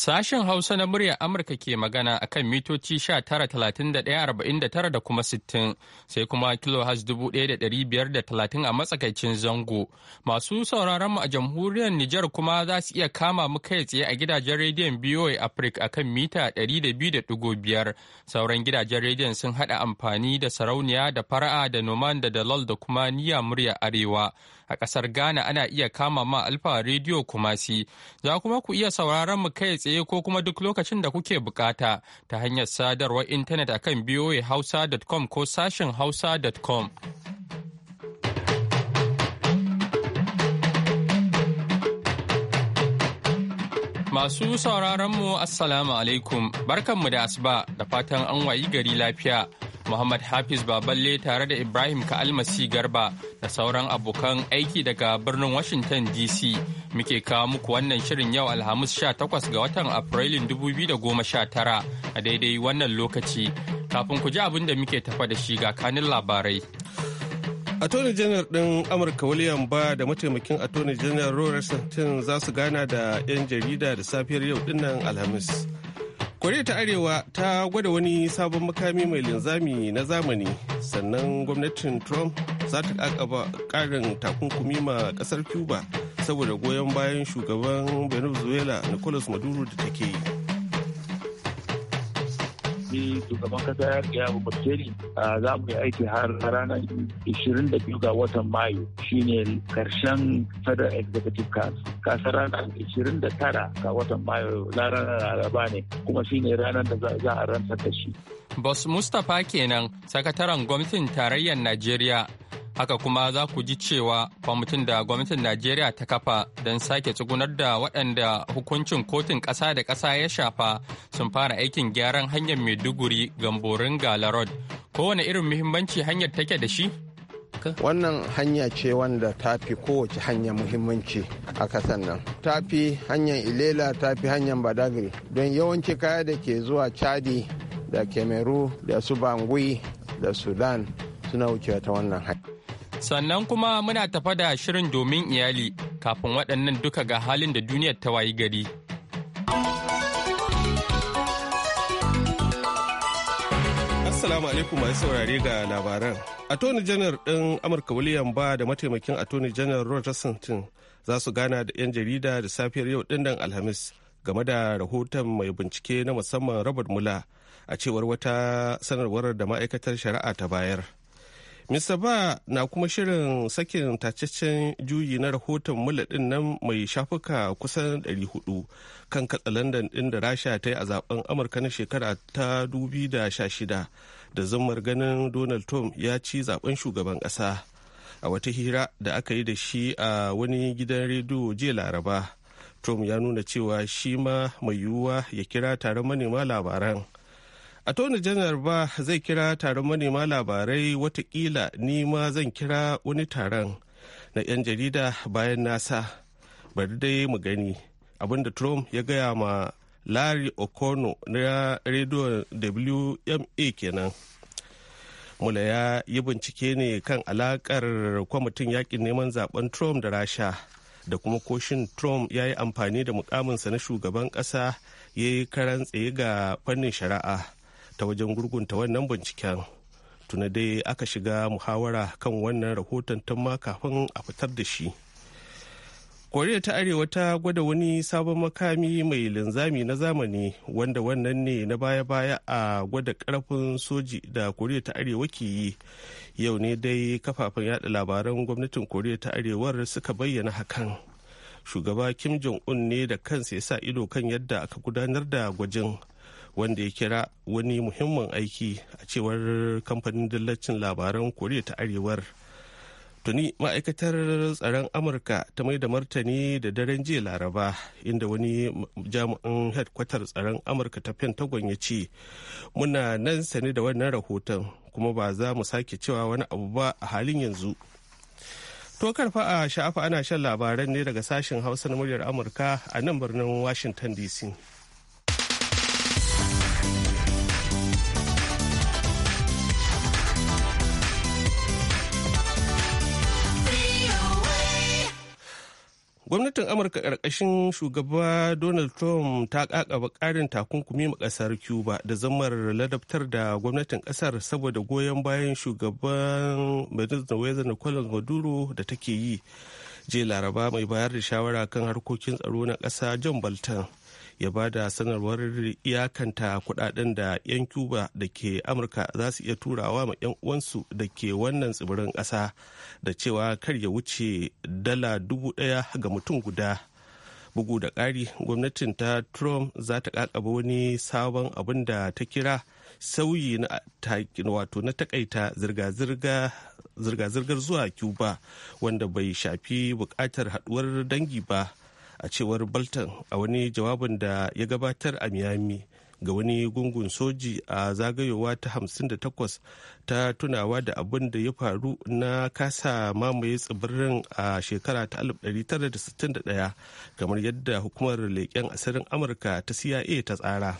Sashen Hausa na muryar Amurka ke magana a kan mitoci talatin da kuma 60 sai kuma da 1,530 a matsakaicin zango. Masu sauraron mu a jamhuriyar Nijar kuma za su iya kama mu kai tsaye a gidajen rediyon BOA Africa a kan mita 200.5. Sauran gidajen rediyon sun haɗa amfani da sarauniya da fara'a da noman da dalal da kuma niyya muryar arewa. a ƙasar Ghana ana iya kama ma Alfa Radio Kumasi. Za kuma ku iya sauraron mu kai tsaye ko kuma duk lokacin da kuke bukata ta hanyar sadarwar intanet akan voahausa.com ko sashin hausa.com. Masu sauraronmu Assalamu alaikum, barkanmu da asuba da fatan an wayi gari lafiya. Muhammad Hafiz Baballe tare da Ibrahim Ka'almasi Garba da sauran abokan aiki daga birnin Washington DC muke kawo muku wannan shirin yau Alhamis 18 ga watan Afrilun 2019 a daidai wannan lokaci. Kafin ku ji abin da muke tafa da shi ga kanin labarai. Attorney janar ɗin Amurka William ba da mataimakin Attorney janar Rory Santin za su gana da 'yan jarida da safiyar yau dinnan Alhamis. koriya ta arewa ta gwada wani sabon makami mai linzami na zamani sannan gwamnatin trump za ta kakaba karin takunkumi ma kasar cuba saboda goyon bayan shugaban venezuela nicolas maduro da take yi zaɓe shugaban kasa ya gaya bakteri a za mu yi aiki har ranar 22 ga watan mayu shine karshen federal executive card kasa ranar 29 ga watan mayu ranar laraba ne kuma shine ranar da za a ransa da shi. Boss Mustapha kenan sakataren gwamnatin tarayyar Najeriya Haka kuma za ku ji cewa kwamitin da gwamnatin Najeriya ta kafa don sake tsugunar da waɗanda hukuncin kotun ƙasa da ƙasa ya shafa sun fara aikin gyaran hanyar Maiduguri gamborin Gala Road. Kowane irin muhimmanci hanyar take da shi? Wannan hanya ce wanda ta fi kowace hanya muhimmanci a kasan nan. Ta fi hanyar Ilela ta fi hanyar Badagri don yawanci kaya da ke zuwa Chadi da Kemeru da su Bangui da Sudan suna wucewa ta wannan hanya. Sannan kuma muna tafa da shirin domin iyali kafin waɗannan duka ga halin da duniyar ta wayi gari. Assalamu alaikum masu saurare ga labaran. Attorney Janar ɗin Amurka William ba da mataimakin Attorney General Rod Rosenstein za su gana da 'yan jarida da safiyar yau ɗin Alhamis game da rahoton mai bincike na musamman Robert mula a cewar wata sanarwar da ma'aikatar shari'a ta bayar. Mr. Ba na kuma shirin sakin tacaccen juyi na rahoton mula nan mai shafuka kusan 400 kan katsa katsalandan ɗin da Rasha ta yi a zaben Amurka na shekara ta 2016 da zumar ganin Donald Trump ya ci zaben shugaban ƙasa. A wata hira da aka yi da shi a wani gidan rediyo jiya Laraba, Trump ya nuna cewa shi ma mai yiwuwa ya kira tare manema labaran. attorney janar ba zai kira taron manema labarai watakila ni ma zan kira wani taron na 'yan jarida bayan nasa bari dai mu gani abinda trump ya gaya ma larry okono na rediyon wma kenan mula ya yi bincike ne kan alakar kwamitin yakin neman zaben trump da rasha da kuma koshin trump ya yi amfani da mukaminsa na shugaban kasa ya yi karan tsaye ga fannin shari'a ta wajen gurgunta wannan binciken tuna dai aka shiga muhawara kan wannan rahoton tun ma kafin a fitar da shi koriya ta arewa ta gwada wani sabon makami mai linzami na zamani wanda wannan ne na baya-baya a gwada karfin soji da koriya ta arewa ke yi yau ne dai kafafen yada labaran gwamnatin koriya ta arewar suka bayyana hakan shugaba kim jong-un ne da kansa ya sa ido kan yadda aka gudanar da gwajin wanda ya kira wani muhimmin aiki a cewar kamfanin dillacin labaran koriya ta arewar tuni ma'aikatar tsaron amurka ta mai da martani da daren jiya laraba inda wani jami'in headkwatar tsaron amurka ta pentagon ya ce muna nan sane da wannan rahoton kuma ba za mu sake cewa wani abu ba a halin yanzu to karfa a sha'afa ana shan labaran ne daga sashen hausa na muryar amurka a nan birnin washington dc gwamnatin amurka ƙarƙashin shugaba donald trump ta ƙaƙaba ƙarin takunkumi ma ƙasar cuba da zamar ladabtar da gwamnatin ƙasar saboda goyon bayan shugaban venezuela nicolas maduro da take yi je laraba mai bayar da shawara kan harkokin tsaro na ƙasa john bolton ya ba da sanarwar iyakanta kudaden da 'yan cuba da ke amurka za su iya turawa ma 'yan uwansu da ke wannan tsibirin ƙasa da cewa kar ya wuce dala dubu ɗaya ga mutum guda bugu da ƙari gwamnatin ta trump za ta kakaba wani sabon abin da ta kira sauyi wato na takaita zirga-zirgar zuwa cuba wanda bai shafi bukatar haduwar dangi ba a cewar Bolton a wani jawabin da ya gabatar a Miami ga wani gungun soji a zagayowa ta 58 ta tunawa da abin da ya faru na kasa mamaye tsibirin a shekara ta 1961 kamar yadda hukumar leƙen asirin Amurka ta CIA ta tsara.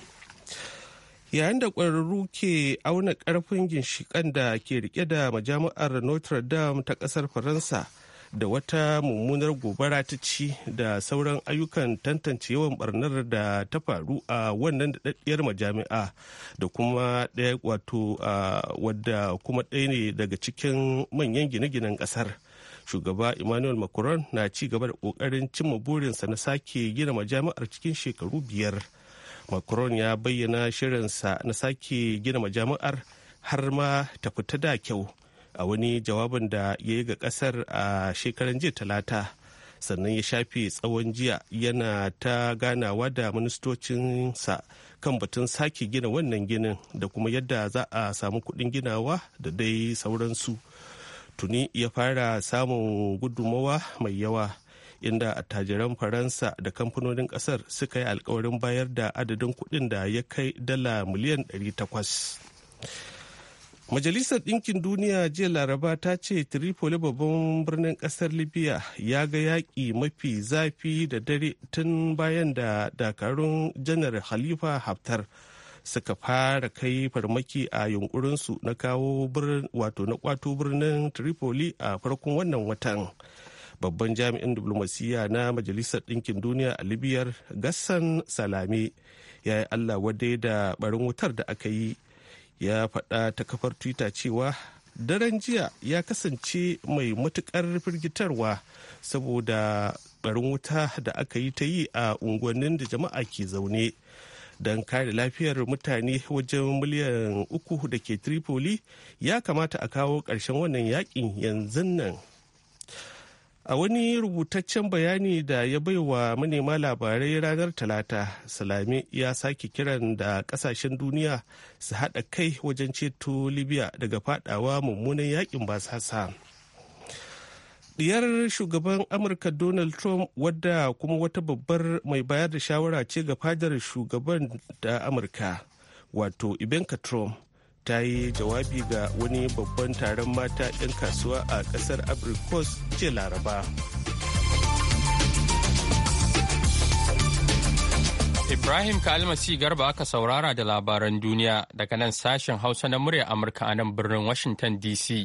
yayin da ƙwararru ke auna ƙarfin ginshiƙan da ke rike da majami'ar notre dame ta ƙasar faransa da wata mummunar gobara ta ci da sauran ayyukan tantance yawan barnar da ta faru a wannan daɗaɗɗiyar majami'a da kuma ɗaya wato wadda kuma ɗaya ne daga cikin manyan gine-ginen ƙasar shugaba emmanuel macron na ci gaba da ƙoƙarin cimma burinsa na sake gina majami'ar cikin shekaru biyar macron ya bayyana shirinsa na sake gina majami'ar har ma ta fita da kyau a wani jawabin da ya yi ga kasar a shekaran jiya talata sannan ya shafe tsawon jiya yana ta ganawa da ministocinsa kan batun sake gina wannan ginin da kuma yadda za a samu kuɗin ginawa da dai sauransu tuni ya fara samun gudummawa mai yawa inda attajiran faransa da kamfanonin kasar suka yi alkawarin bayar da adadin kuɗin da ya kai dala miliyan 800 Majalisar Ɗinkin Duniya jiya Laraba ta ce Tripoli babban birnin ƙasar Libya ya ga yaƙi mafi zafi da dare tun bayan da dakarun janar Khalifa Haftar suka fara kai farmaki a yunkurinsu na kawo wato na kwato birnin Tripoli a farkon wannan watan. Babban jami'in diplomasiyya na Majalisar Ɗinkin Duniya a Libyar Gassan Salame ya yi Allah wadai da barin wutar da aka yi. ya faɗa ta kafar twitter cewa daren jiya ya kasance mai matukar firgitarwa saboda barin wuta da aka yi ta yi a unguwannin da jama'a ke zaune don kare lafiyar mutane wajen miliyan uku da ke tripoli ya kamata a kawo ƙarshen wannan yakin yanzu nan A wani rubutaccen bayani da ya baiwa manema labarai ranar Talata, salami ya sake kiran da kasashen duniya su haɗa kai wajen ceto Libya daga fadawa mummunan yakin basasa. Diyar shugaban Amurka Donald Trump wadda kuma wata babbar mai bayar da shawara ce ga fadar shugaban da Amurka, wato Ivanka Trump. ta yi jawabi ga wani babban taron mata 'yan kasuwa a kasar abrikos jiya laraba ibrahim kalmasi garba aka saurara da labaran duniya daga nan sashen hausa na murya amurka a nan birnin washington dc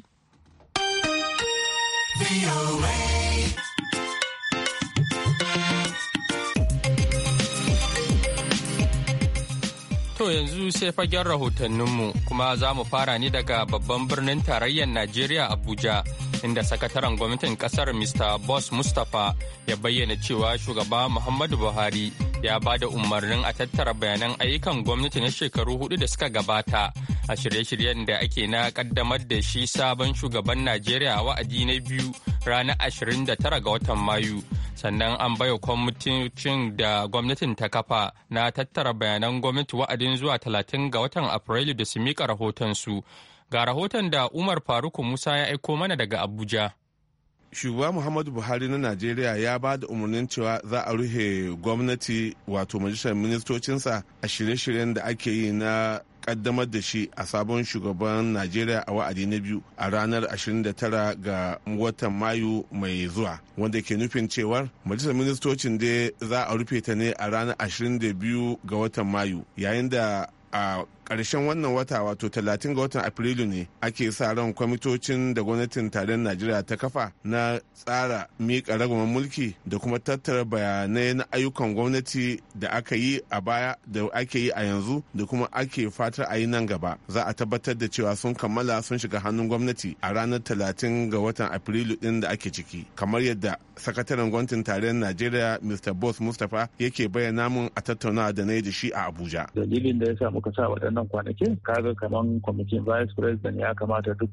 To yanzu sai fagen rahotanninmu kuma za mu fara ne daga babban birnin tarayyar Najeriya Abuja inda sakataren gwamnatin kasar mr boss mustapha ya bayyana cewa shugaba muhammadu buhari ya ba da umarnin a tattara bayanan ayyukan gwamnati na shekaru hudu da suka gabata a shirye-shiryen da ake na kaddamar da shi sabon shugaban najeriya a wa'adi na biyu ranar 29 ga watan mayu sannan an baiwa kwamitin da gwamnatin ta kafa na tattara bayanan gwamnati wa'adin zuwa 30 ga watan afrilu da su mika rahotonsu Ga rahoton da Umar Faruku Musa ya aiko mana daga Abuja. shugaba muhammadu buhari na najeriya ya ba da umarnin cewa za a rufe gwamnati wato majalisar ministocinsa a shirye-shiryen da ake yi na kaddamar da shi a sabon shugaban najeriya a wa'adi na biyu a ranar 29 ga watan mayu mai zuwa wanda ke nufin cewar majalisar ministocin da za a rufe ta ne a ranar 22 ga watan mayu yayin da a Karshen wannan wata wato 30 ga watan afrilu ne ake sa ran kwamitocin da gwamnatin tarayyar najeriya ta kafa na tsara miƙa ragaman mulki da kuma tattara bayanai na ayyukan gwamnati da aka yi a baya da ake yi a yanzu da kuma ake fatar a yi nan gaba za a tabbatar da cewa sun kammala sun shiga hannun gwamnati a ranar 30 ga watan afrilu din da ake ciki kamar yadda sakataren gwamnatin tarayyar najeriya mr boss mustapha yake bayyana mun a tattaunawa da na yi da shi a abuja dalilin da ya sa muka sa waɗannan kwanakin kaga kaman kwamitin vice president ya kamata duk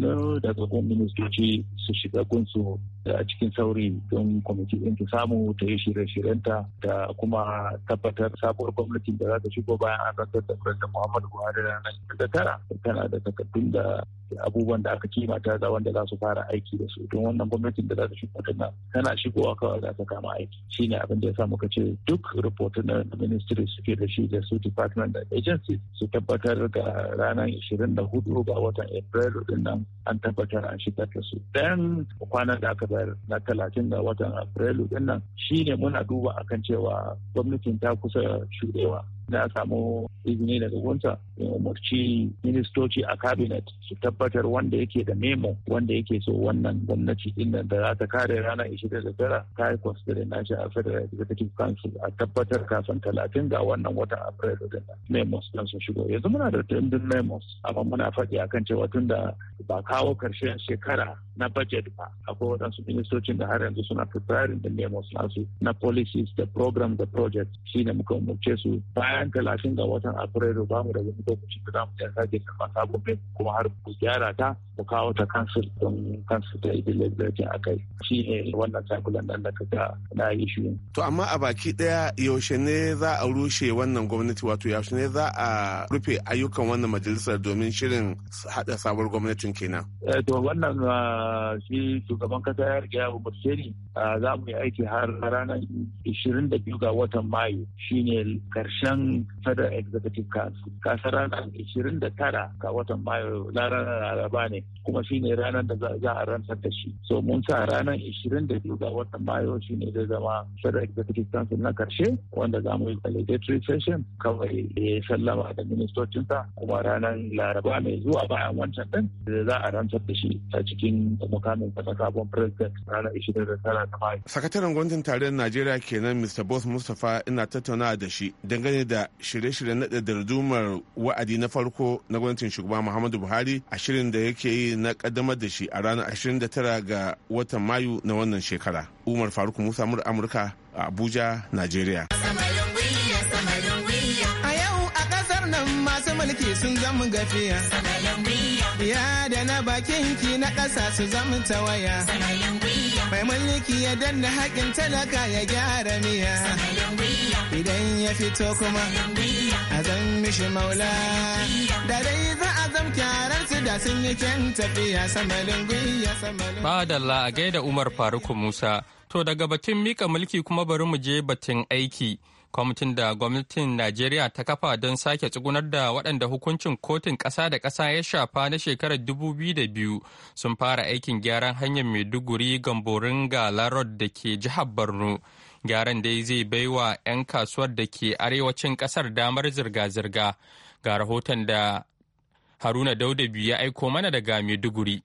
da na daga ministoci su shiga gunsu a cikin sauri don kwamiti ɗin ta samu ta yi shirye-shiryenta da kuma tabbatar sabuwar gwamnati da za ta shigo bayan an rantsar da Firayim Muhammadu Buhari da nan da tara tana da takardun da abubuwan da aka kimata da wanda za su fara aiki da su don wannan gwamnatin da za ta shigo na tana shigowa kawai za ta kama aiki Shi ne abin da ya sa muka ce duk rahoton na ministry suke da shi da su department da agency su tabbatar da ranar da hudu ga watan April din nan an tabbatar an shigar da su dan kwanan da aka bayar na talatin ga watan afrilu din nan shine muna duba akan cewa gwamnatin ta kusa shuɗewa Na a samu izini daga gunta in umarci ministoci a cabinet su tabbatar wanda yake da memo wanda yake so wannan gwamnati din da za ta kare ranar ishirin da tara ta yi shi a federal executive council a tabbatar kafin talatin ga wannan watan april din memos don sun shigo yanzu muna da tundun memos amma muna faɗi akan cewa tun da ba kawo karshen shekara na budget ba akwai waɗansu ministocin da har yanzu suna preparing da memos nasu na policies da program da project shine muka umarce su bayan bayan talatin ga watan afrilu ba mu da wani lokacin da za mu iya sake kafa sabon kuma har mu gyara ta mu kawo ta kansul don kansil da ibi a kai shi ne wannan sakulan nan da kaka na yi shi. to amma a baki daya yaushe ne za a rushe wannan gwamnati wato yaushe ne za a rufe ayyukan wannan majalisar domin shirin haɗa sabuwar gwamnatin kenan. Eh, to wannan ah, shi shugaban kasa ya riga ya umarce sheri ah, za mu yi aiki har ranar 22 ga watan mayu shine karshen gaban federal executive council kasa ranar ishirin da tara ga watan mayu ranar laraba ne kuma shine ranar da za a rantsar da shi so mun sa ranar ishirin da biyu ga watan mayu shine zai zama federal executive council na karshe wanda za mu yi validatory session kawai ya sallama da ministocinsa kuma ranar laraba mai zuwa bayan wancan din za a rantsar da shi a cikin mukamin sa sabon president ranar ishirin da tara ga mayu. sakataren gwamnatin tarayyar najeriya kenan mr boss mustapha ina tattaunawa da shi dangane da da shirye-shiryen naɗa dardumar wa'adi na farko na gwamnatin shugaba muhammadu buhari a shirin da yake yi na ƙaddamar da shi a ranar 29 ga watan mayu na wannan shekara umar faruk musa mur amurka a abuja najeriya masu mulki sun zama gafiya. Ya da na bakin ki na ƙasa su zama tawaya. Mai mulki ya danna haƙin talaka ya gyara miya. Idan ya fito kuma a zan mishi maula. Da dai za a zam kyarar su da sun yi kyan tafiya samalin gwiya samalin. Madalla a gaida Umar Faruku Musa. To daga batun mika mulki kuma bari mu je batun aiki. kwamitin da gwamnatin najeriya ta kafa don sake tsugunar da waɗanda hukuncin kotun ƙasa da ƙasa ya shafa na shekarar 2002 sun fara aikin gyaran hanyar maiduguri gamborin galarod da ke jihar borno gyaran dai zai baiwa 'yan kasuwar da ke arewacin ƙasar damar zirga-zirga ga rahoton da haruna daudabi ya aiko mana daga maiduguri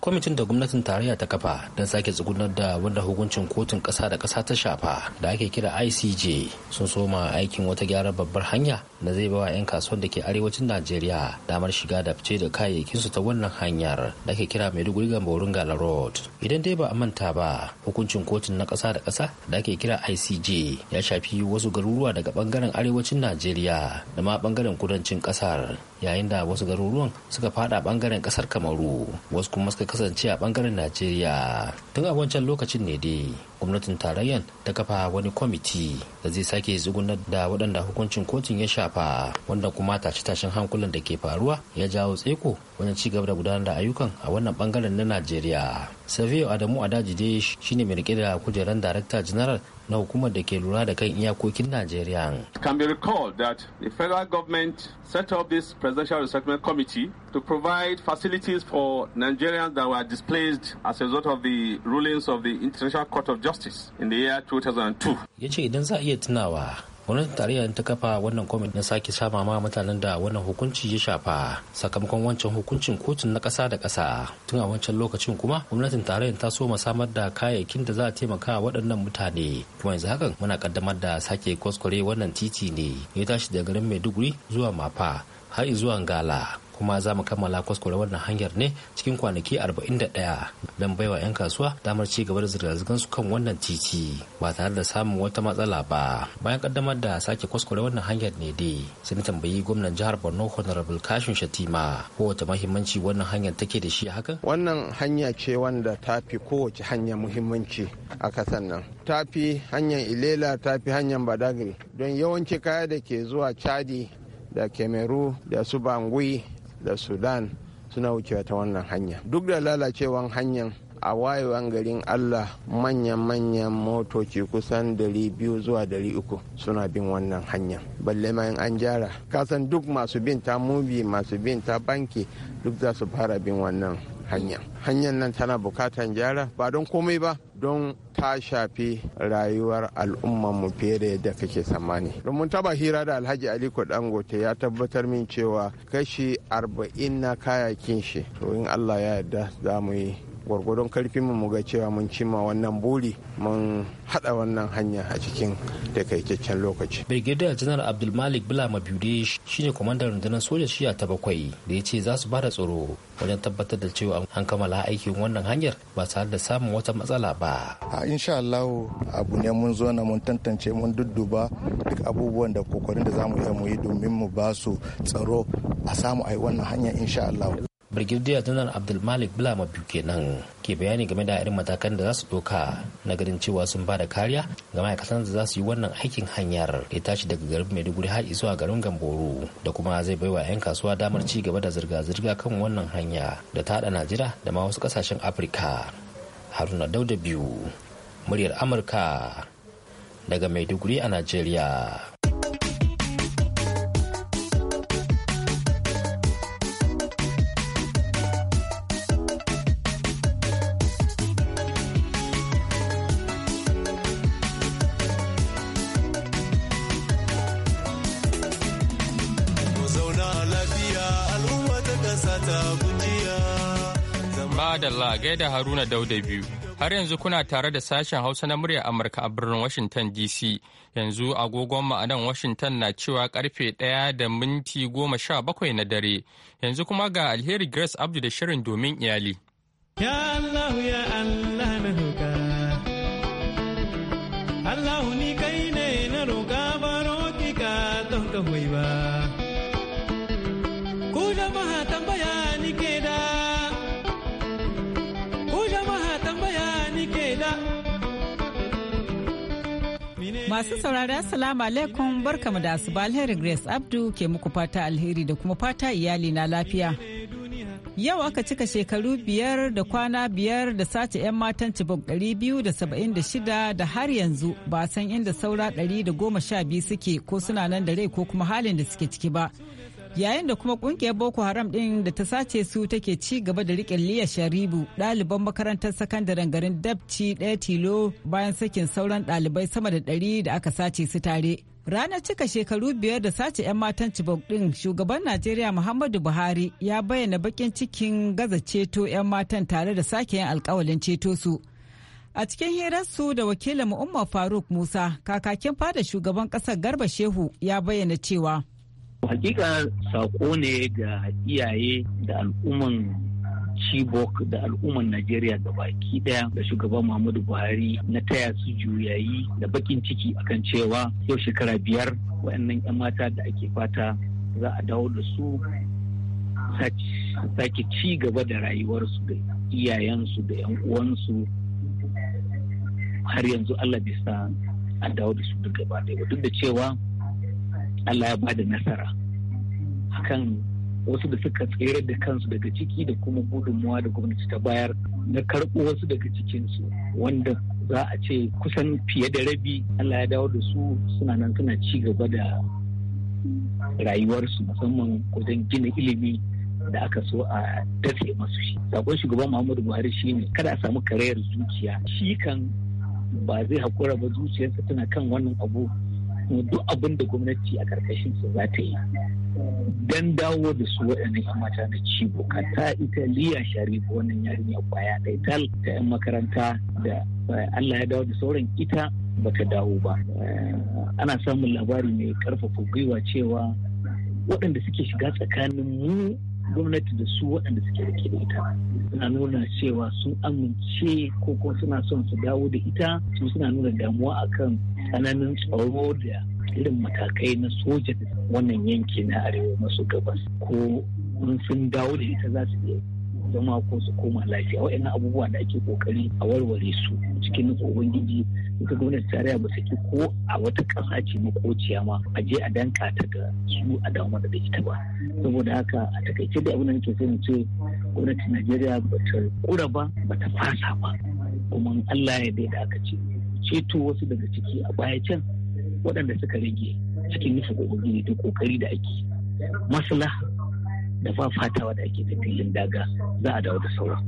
kwamitin da gwamnatin tarayya ta kafa don sake tsugunar da wanda hukuncin kotun ƙasa da ƙasa ta shafa da ake kira icj sun soma aikin wata gyara babbar hanya na zai bawa 'yan kasuwar da ke arewacin najeriya damar shiga da fice da kayayyakinsu ta wannan hanyar da ake kira maiduguri borin gala road idan dai ba a manta ba hukuncin kotun na ƙasa da ƙasa da ake kira icj ya shafi wasu garuruwa daga bangaren arewacin najeriya da ma bangaren kudancin ƙasar yayin da wasu garuruwan suka fada bangaren ƙasar kamaru wasu kuma suka kasance a bangaren najeriya tun a wancan lokacin ne dai gwamnatin tarayyan ta kafa wani kwamiti da zai sake tsugunar da waɗanda hukuncin kotun ya sha. shafa wanda kuma tashe-tashen hankulan da ke faruwa ya jawo tseko wajen ci gaba da gudanar da ayyukan a wannan bangaren na najeriya savio adamu adaji dai shine mai rike da kujeran darakta general na hukumar da ke lura da kan iyakokin najeriya can be recalled that the federal government set up this presidential resettlement committee to provide facilities for Nigerians that were displaced as a result of the rulings of the International Court of Justice in the year 2002. Ya ce idan za a iya tunawa gwamnatin tarayya ta kafa wannan kwamitin na sake sama ma mutanen da wannan hukunci ya shafa sakamakon wancan hukuncin kotun na ƙasa da ƙasa tun a wancan lokacin kuma gwamnatin tarayya ta so samar da kayayyakin da za a taimaka waɗannan mutane kuma yanzu hakan muna kaddamar da sake kwaskware wannan titi ne ya tashi da garin maiduguri zuwa mafa har zuwa gala. kuma za mu kammala kwaskwara wannan hanyar ne cikin kwanaki 41 don baiwa 'yan kasuwa damar ci gaba da zirga-zirgar su kan wannan titi ba tare da samun wata matsala ba bayan kaddamar da sake kwaskwara wannan hanyar ne dai sun tambayi gwamnan jihar borno honorable kashin shatima kowace mahimmanci wannan hanyar take da shi hakan wannan hanya ce wanda ta fi kowace hanya muhimmanci a kasan nan ta fi hanyar ilela ta fi hanyar badagri don yawanci kaya da ke zuwa chadi da kemeru da su bangui da sudan suna wucewa ta wannan hanya duk da lalacewan hanyar a wayewan garin allah manya manyan motoci kusan 200 zuwa 300 suna bin wannan hanya balle ma an jara kasan duk masu bin ta mubi masu bin ta banki duk za su fara bin wannan hanya hanyar nan tana bukatan gyara ba don komai ba don ta shafi rayuwar mu fiye da yadda kake tsammani domin mun hira da alhaji aliko dangote ya tabbatar min cewa kashi arba'in na kayakin shi to in allah ya yarda za mu yi gwargwadon karfin mu ga cewa mun cimma wannan buri mun hada wannan hanya a cikin takaitaccen lokaci. Brigadier General Abdulmalik Bula Mabiude shine kwamandan rundunar soja shiya ta bakwai da ya ce za su bada tsaro wajen tabbatar da cewa an kammala aikin wannan hanyar ba tare da samun wata matsala ba. A insha Allah abu ne mun zo na mun tantance mun dudduba duk abubuwan da kokarin da zamu iya mu yi domin mu ba su tsaro a samu a yi wannan hanya insha Allah. brigadier janar abdulmalik bulamabiu kenan ke bayani game da irin matakan da za su doka na garin cewa sun ba da kariya ga ma'aikatan da za su yi wannan aikin hanyar da ya tashi daga garin maiduguri har zuwa garin gamboro da kuma zai bai wa 'yan kasuwa damar ci gaba da zirga-zirga kan wannan hanya da ta haɗa najeriya da ma wasu ƙasashen afirka haruna dauda biyu muryar amurka daga maiduguri a najeriya da Haruna Dauda biyu. Har yanzu kuna tare da sashen Hausa na murya Amurka a birnin Washington DC. Yanzu agogon ma'anan a Washington na cewa karfe ɗaya da minti goma sha bakwai na dare. Yanzu kuma ga Alheri Grace Abdu da shirin domin iyali. Ya Allah ya Allah na roƙa. Allah ni kai ne na roƙa baro ki ka don ka Masu saurari Assalamu alaikum barkamu da su alheri Grace Abdu ke muku fata alheri da kuma fata iyali na lafiya. Yau aka cika shekaru biyar da kwana biyar da sace 'yan matan Chibok biyu da saba'in da da shida har yanzu ba san inda saura da goma sha biyu suke ko suna nan da rai ko kuma halin da suke ciki ba. yayin da kuma kungiyar boko haram din da ta sace su take ci gaba da riƙe liya sharibu ɗaliban makarantar sakandaren garin dabci ɗaya tilo bayan sakin sauran ɗalibai sama da ɗari da aka sace su tare ranar cika shekaru biyar da sace 'yan matan cibok din shugaban najeriya muhammadu buhari ya bayyana bakin cikin gaza ceto 'yan matan tare da sake yin alkawalin ceto su a cikin hirarsu da wakilin umar faruk musa kakakin fada shugaban ƙasar garba shehu ya bayyana cewa Hakika sako ne ga iyaye da al'umman Chibok da al'umman Najeriya da baki daya da shugaban Muhammadu Buhari na taya su juyayi da bakin ciki akan cewa yau shekara biyar waɗannan 'yan mata da ake fata za a dawo da su sake ci gaba da rayuwarsu da iyayensu da 'yan uwansu har yanzu Allah bisa a dawo da su duk gaba daya duk da cewa Allah ya bada nasara kan wasu da suka tsere da kansu daga ciki da kuma gudunmuwa da gwamnati ta bayar na karɓo wasu daga cikinsu wanda za a ce kusan fiye da rabi Allah ya dawo da su suna nan suna ci gaba da rayuwarsu musamman wajen gina ilimi da aka so a dace masu shi. Sakon shugaban Muhammadu Buhari shine kada a samu karayar zuciya. Shi kan ba zai haƙura ba zuciyarsa tana kan wannan abu duk abin da gwamnati a ƙarƙashin su za ta yi dan dawo da su waɗannan 'yan mata na cibo kanta italiya sharifu wannan yarinya kwaya Da tal ta 'yan makaranta da eh, allah ya dawo da sauran ita ba ta dawo ba eh, ana samun labari mai karfafa gwiwa cewa waɗanda suke shiga tsakanin mu gwamnati da su waɗanda suke rike da ita suna nuna cewa sun amince ko kuma suna son su dawo da ita su suna nuna damuwa akan tsananin tsaro da irin matakai na soja wannan yanki na arewa maso gabas ko sun dawo da ita za su iya zama ko su koma lafiya waɗannan abubuwa da ake kokari a warware su cikin nufin ubangiji ita gwamnati tarayya ba saki ko a wata ƙasa ce makociya ma a je a danka ta ga su a damu da ita ba saboda haka a takaice da abin da nake sai ce gwamnatin najeriya ba ta kura ba ba ta fasa ba kuma allah ya da aka ce ceto wasu daga ciki a baya can waɗanda suka rage cikin nufin ubangiji da kokari da ake maslaha da ba fatawa da ake filin daga za a dawo da sauran.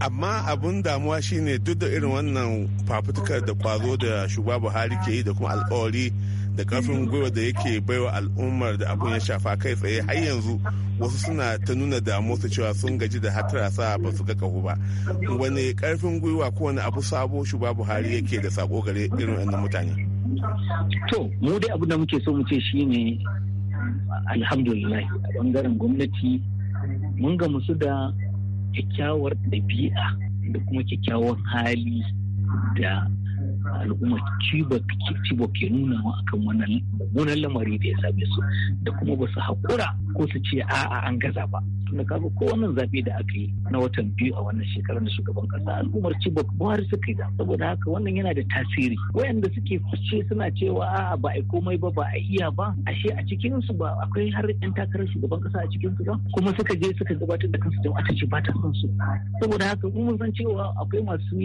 amma abun damuwa shine duk da irin wannan fafutukar da kwazo da shugaba buhari ke yi da kuma alkawari da karfin gwiwa da yake baiwa al'ummar da abun ya shafa kai tsaye har yanzu wasu suna ta nuna su cewa sun gaji da sa ba su ga kahu ba wani karfin gwiwa ko wani abu sabo shugaba buhari yake da sako gare irin wannan mutane to mu dai abin da muke so mu ce shine alhamdulillah a bangaren gwamnati mun gamu su da kyakkyawar ɗabi'a da kuma kyakkyawan hali da al'umma cibo ke nuna wa akan wannan lamari da ya same su da kuma ba su haƙura ko su ce a'a an gaza ba tunda kaga ko wannan zafi da aka yi na watan biyu a wannan shekarar da shugaban kasa al'ummar Chibok Buhari suka yi saboda haka wannan yana da tasiri wayanda suke fice suna cewa a'a ba a komai ba ba a iya ba ashe a cikin su ba akwai har yan takarar shugaban kasa a cikin su ba kuma suka je suka gabatar da kansu jama'a ta ce ba ta son su saboda haka mun san cewa akwai masu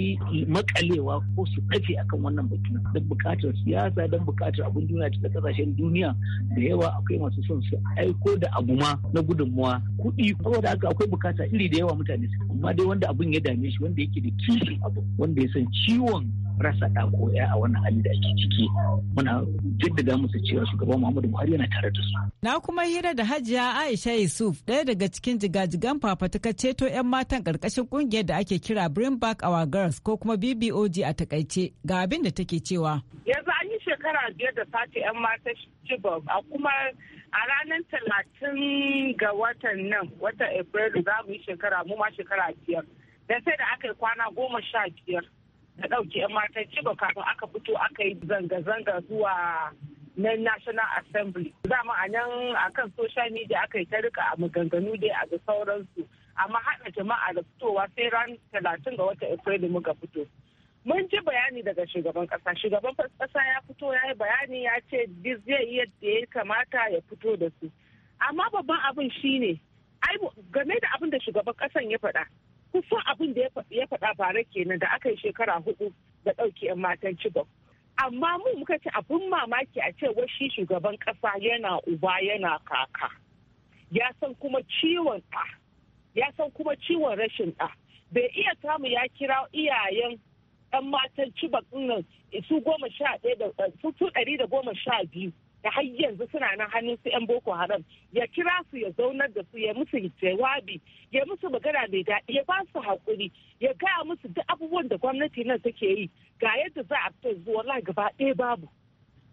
makalewa ko su tsafe akan wannan batu don bukatar siyasa dan bukatar abin duniya cikin kasashen duniya da yawa akwai masu son su aiko da abu ma na gudunmuwa kuɗi nauyi saboda haka akwai bukata iri da yawa mutane amma dai wanda abun ya dame shi wanda yake da kishin abu wanda ya san ciwon rasa da ko ya a wannan hali da ake ciki muna jaddada musu cewa shugaban Muhammadu Buhari yana tare da su. Na kuma hira da Hajiya Aisha Yusuf ɗaya daga cikin jigajigan fafatuka ceto 'yan matan karkashin ƙungiyar da ake kira Bring Back Our Girls ko kuma BBOG a takaice ga abin da take cewa. shekara biyar da sati 'yan mata Chibok a kuma a ranar talatin ga watan nan watan Afrilu za mu yi shekara mu ma shekara biyar. Da sai da aka yi kwana goma sha biyar da ɗauki 'yan mata Chibok kafin aka fito aka yi zanga-zanga zuwa na National Assembly. mu a nan a kan social media aka yi ta a maganganu dai a da sauransu. Amma haɗa jama'a da fitowa sai ran talatin ga watan Afrilu muka fito. mun ji bayani daga shugaban kasa shugaban kasa ya fito ya yi bayani ya ce zai iya ya kamata ya fito da su amma babban abin shine ai game da abin da shugaban kasan ya faɗa kusan abin da ya faɗa fara kenan da aka yi shekara hudu da ɗauki 'yan matan cibok amma mu muka ce abin mamaki a ce shi shugaban kasa yana uba yana kaka ya san kuma ciwon ɗa ya san kuma ciwon rashin ɗa bai iya samu ya kira iyayen 'yan matan ci nan eh, su goma sha ɗaya da eh, su ɗari da goma sha biyu da har yanzu suna nan hannun su 'yan boko haram ya kira su ya zaunar da su ya musu jawabi ya musu magana mai daɗi ya ba su haƙuri ya gaya musu duk abubuwan da gwamnati nan take yi ga yadda za a fita zuwa gaba ɗaya babu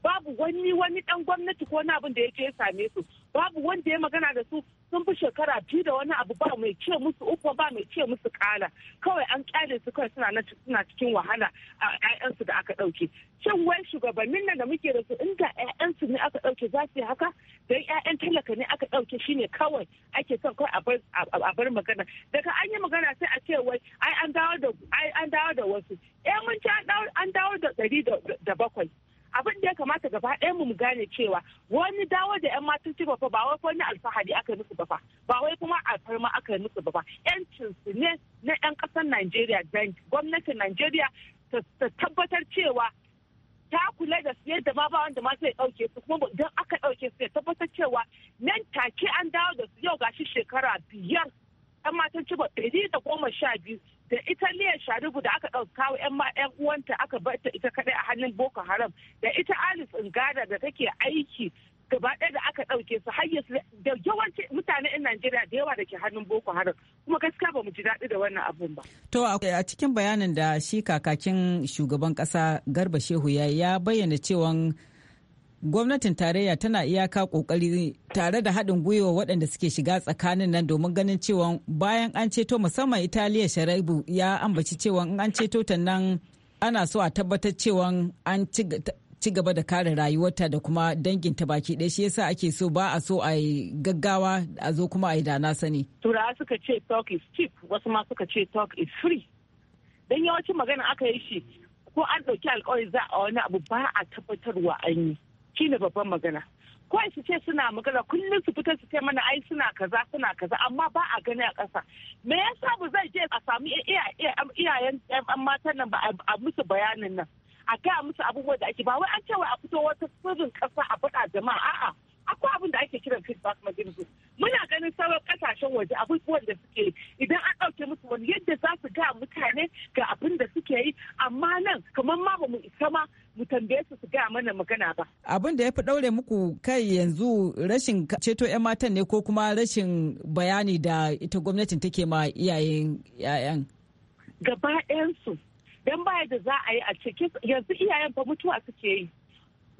babu wani wani ɗan gwamnati ko wani abin da ya je same su babu wanda ya magana da su sun fi shekara biyu da wani abu ba mai ce musu uku ba mai ce musu kala kawai an kyale su kawai suna suna cikin wahala a ƴaƴansu da aka ɗauke shin wai shugabannin nan da muke da su inda ƴaƴansu ne aka ɗauke za su yi haka dan ƴaƴan talaka ne aka ɗauke shine kawai ake son kawai a bar magana daga an yi magana sai a ce wai ai an dawo da wasu eh mun ci an dawo da ɗari da bakwai abin da ya kamata gaba ɗaya mu gane cewa wani dawo da yan matan ci fa ba wai wani alfahari aka musu ba ba wai kuma alfarma aka musu ba yancin su ne na yan ƙasar Najeriya dan gwamnatin Najeriya ta tabbatar cewa ta kula da su yadda ma ba wanda ma zai ɗauke su kuma idan aka ɗauke su ya tabbatar cewa nan take an dawo da su yau gashi shekara biyar 'yan matan ciba ɗari da goma sha biyu da ita liya sharibu da aka ɗauka wa 'yan uwanta aka barta ita kaɗai a hannun boko haram da ita alice gada da take aiki gaba ɗaya da aka ɗauke su har da yawanci mutane 'yan Najeriya da yawa da ke hannun Boko Haram kuma gaskiya ba mu ji daɗi da wannan abun ba. To a cikin bayanin da shi kakakin shugaban ƙasa Garba Shehu ya bayyana cewa gwamnatin tarayya tana iyaka kokari tare da haɗin gwiwa waɗanda suke shiga tsakanin nan domin ganin cewa bayan an ceto musamman italiya sharaibu ya ambaci cewa in an ceto ta nan ana so a tabbatar cewa an ci gaba da kare rayuwarta da kuma danginta baki ɗaya shi yasa ake so ba a so a yi gaggawa a zo kuma a yi na sani. turawa suka ce talk is cheap wasu ma suka ce talk is free don yawancin magana aka yi shi ko an ɗauki alkawari za a wani abu ba a tabbatarwa an yi. shi ne babban magana kawai su ce suna magana kullum su fita su ce mana ai suna kaza suna kaza amma ba a gani a ƙasa me yasa ba zai je a samu iyayen yan matan nan ba a musu bayanin nan a a musu abubuwa da ake ba wai an ce wai a fito wata sirrin ƙasa a faɗa jama'a a'a akwai abin da ake kiran feedback back mechanism muna ganin sauran kasashen waje abubuwan da suke idan an ɗauke musu wani yadda za su ga mutane ga abin da suke yi amma nan kamar ma ba mu isa ma mu tambaye su su ga mana magana ba. Abin da ya fi ɗaure muku kai yanzu rashin ceto 'yan matan ne ko kuma rashin bayani da ita gwamnatin take ma iyayen 'ya'yan. Gaba ɗayansu don baya da za a yi a ciki yanzu iyayen ba mutuwa suke yi.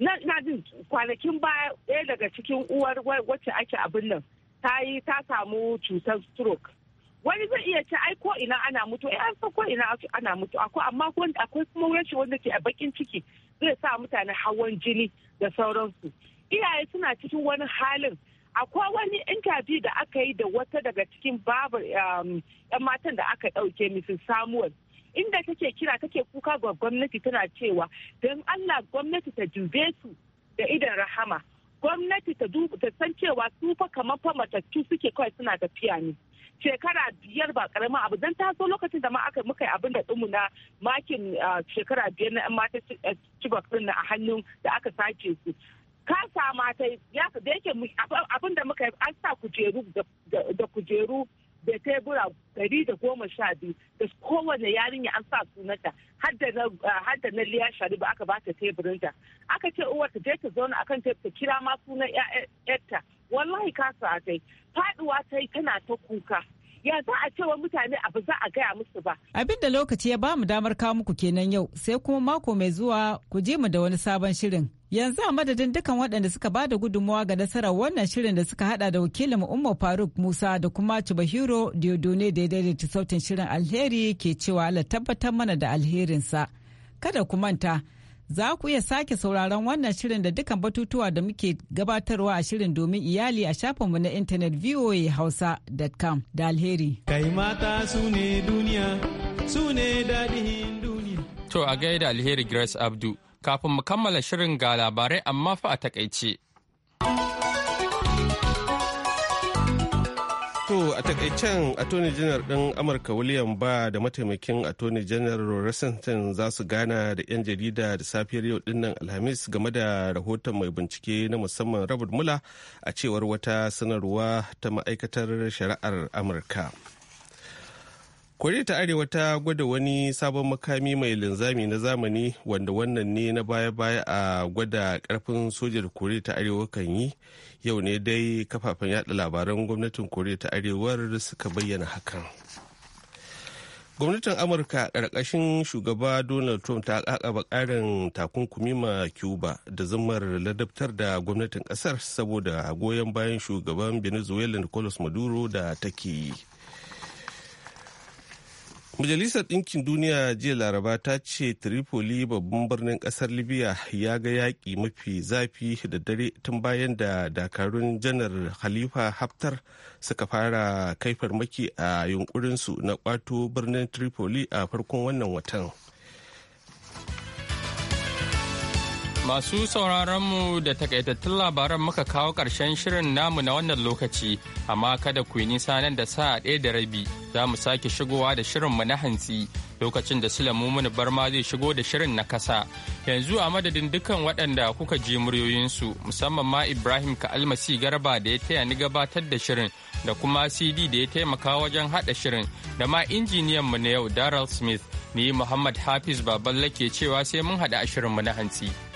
na jin kwanakin baya ɗaya daga cikin uwar wacce ake abin nan ta yi ta samu cutar stroke wani zai iya ce ai ko ina ana mutu ai eh, an san ko ina ana mutu akwai amma akwai kuma wani wanda ke a bakin ciki zai sa mutane hawan jini da sauransu iyaye suna cikin wani halin akwai wani interview da aka yi da wata daga cikin babar yan um, matan da aka ɗauke Mrs. Samuel inda kake kira kake kuka ga gwamnati tana cewa don Allah gwamnati ta jube su da idan rahama gwamnati ta ta san cewa su fa kamar fa matattu suke kawai suna tafiya ne shekara biyar ba karama abu dan ta so lokacin da ma aka muka yi abin da dinmu na makin shekara biyar na mata cibak eh, din a hannun da aka sace su ka kasa mata ya da yake abin da muka yi an sa kujeru da kujeru da tebura gari da goma sha biyu da kowane yarinya an sa sunanta har da na ah, liya shariba aka ba ta teburinta aka ce uwar ta je ta zauna akan tebur ta kira ma sunan yarta wallahi ka sa ta yi faɗuwa ta yi tana ta kuka ya za a cewa mutane abu za a gaya musu ba. Abin da lokaci ya ba mu damar kawo muku kenan yau sai kuma mako mai zuwa ku je mu da wani sabon shirin. Yanzu a madadin dukan waɗanda suka ba da gudunmawa ga nasarar wannan shirin da suka hada da wakilin Umar Faruk Musa da kuma Chibahiro Diodone da ya daidaita sautin shirin alheri ke cewa Allah tabbatar mana da alherinsa. Kada ku manta, za ku iya sake sauraron wannan shirin da dukan batutuwa da muke gabatarwa a shirin domin iyali a shafinmu na intanet voahausa.com da alheri. Kai mata su ne duniya, su ne daɗin duniya. To a gaida alheri Grace Abdu. Kafin mu kammala shirin ga labarai amma fa a takaice. To a takaicen attorney Janar ɗin Amurka William ba da mataimakin attorney general Rosenstein za su gana da 'yan jarida da safiyar yau dinnan Alhamis game da rahoton mai bincike na musamman Robert Mueller a cewar wata sanarwa ta ma'aikatar shari'ar Amurka. koriya ta arewa ta gwada wani sabon makami mai linzami na zamani wanda wannan ne na baya-baya a gwada karfin sojar koriya ta arewa kan yi yau ne dai kafafen yada labaran gwamnatin koriya ta arewar suka bayyana hakan gwamnatin amurka ƙarƙashin shugaba donald trump ta kakaba ƙarin takunkumi ma cuba da zumar ladabtar da gwamnatin ƙasar saboda goyon bayan shugaban venezuela nicolas maduro da take yi Majalisar Ɗinkin Duniya jiya Laraba ta ce Tripoli babban birnin ƙasar Libya ya ga yaƙi mafi zafi da dare tun bayan da dakarun janar Khalifa Haftar suka fara kai farmaki a yunkurinsu na kwato birnin Tripoli a farkon wannan watan. Masu sauraronmu da takaitattun labaran muka kawo ƙarshen shirin namu na wannan lokaci, amma kada ku yi nisa nan da sa'a ɗaya da rabi za mu sake shigowa da shirinmu na hantsi lokacin da Sule mini barma zai shigo da shirin na kasa. Yanzu a madadin dukkan waɗanda kuka ji muryoyinsu musamman ma Ibrahim Ka'almasi Garba da ya taya ni gabatar da shirin da kuma CD da ya taimaka wajen haɗa shirin da ma injiniyan mu na yau Daryl Smith ni Muhammad Hafiz Baballe ke cewa sai mun haɗa a shirinmu na hantsi.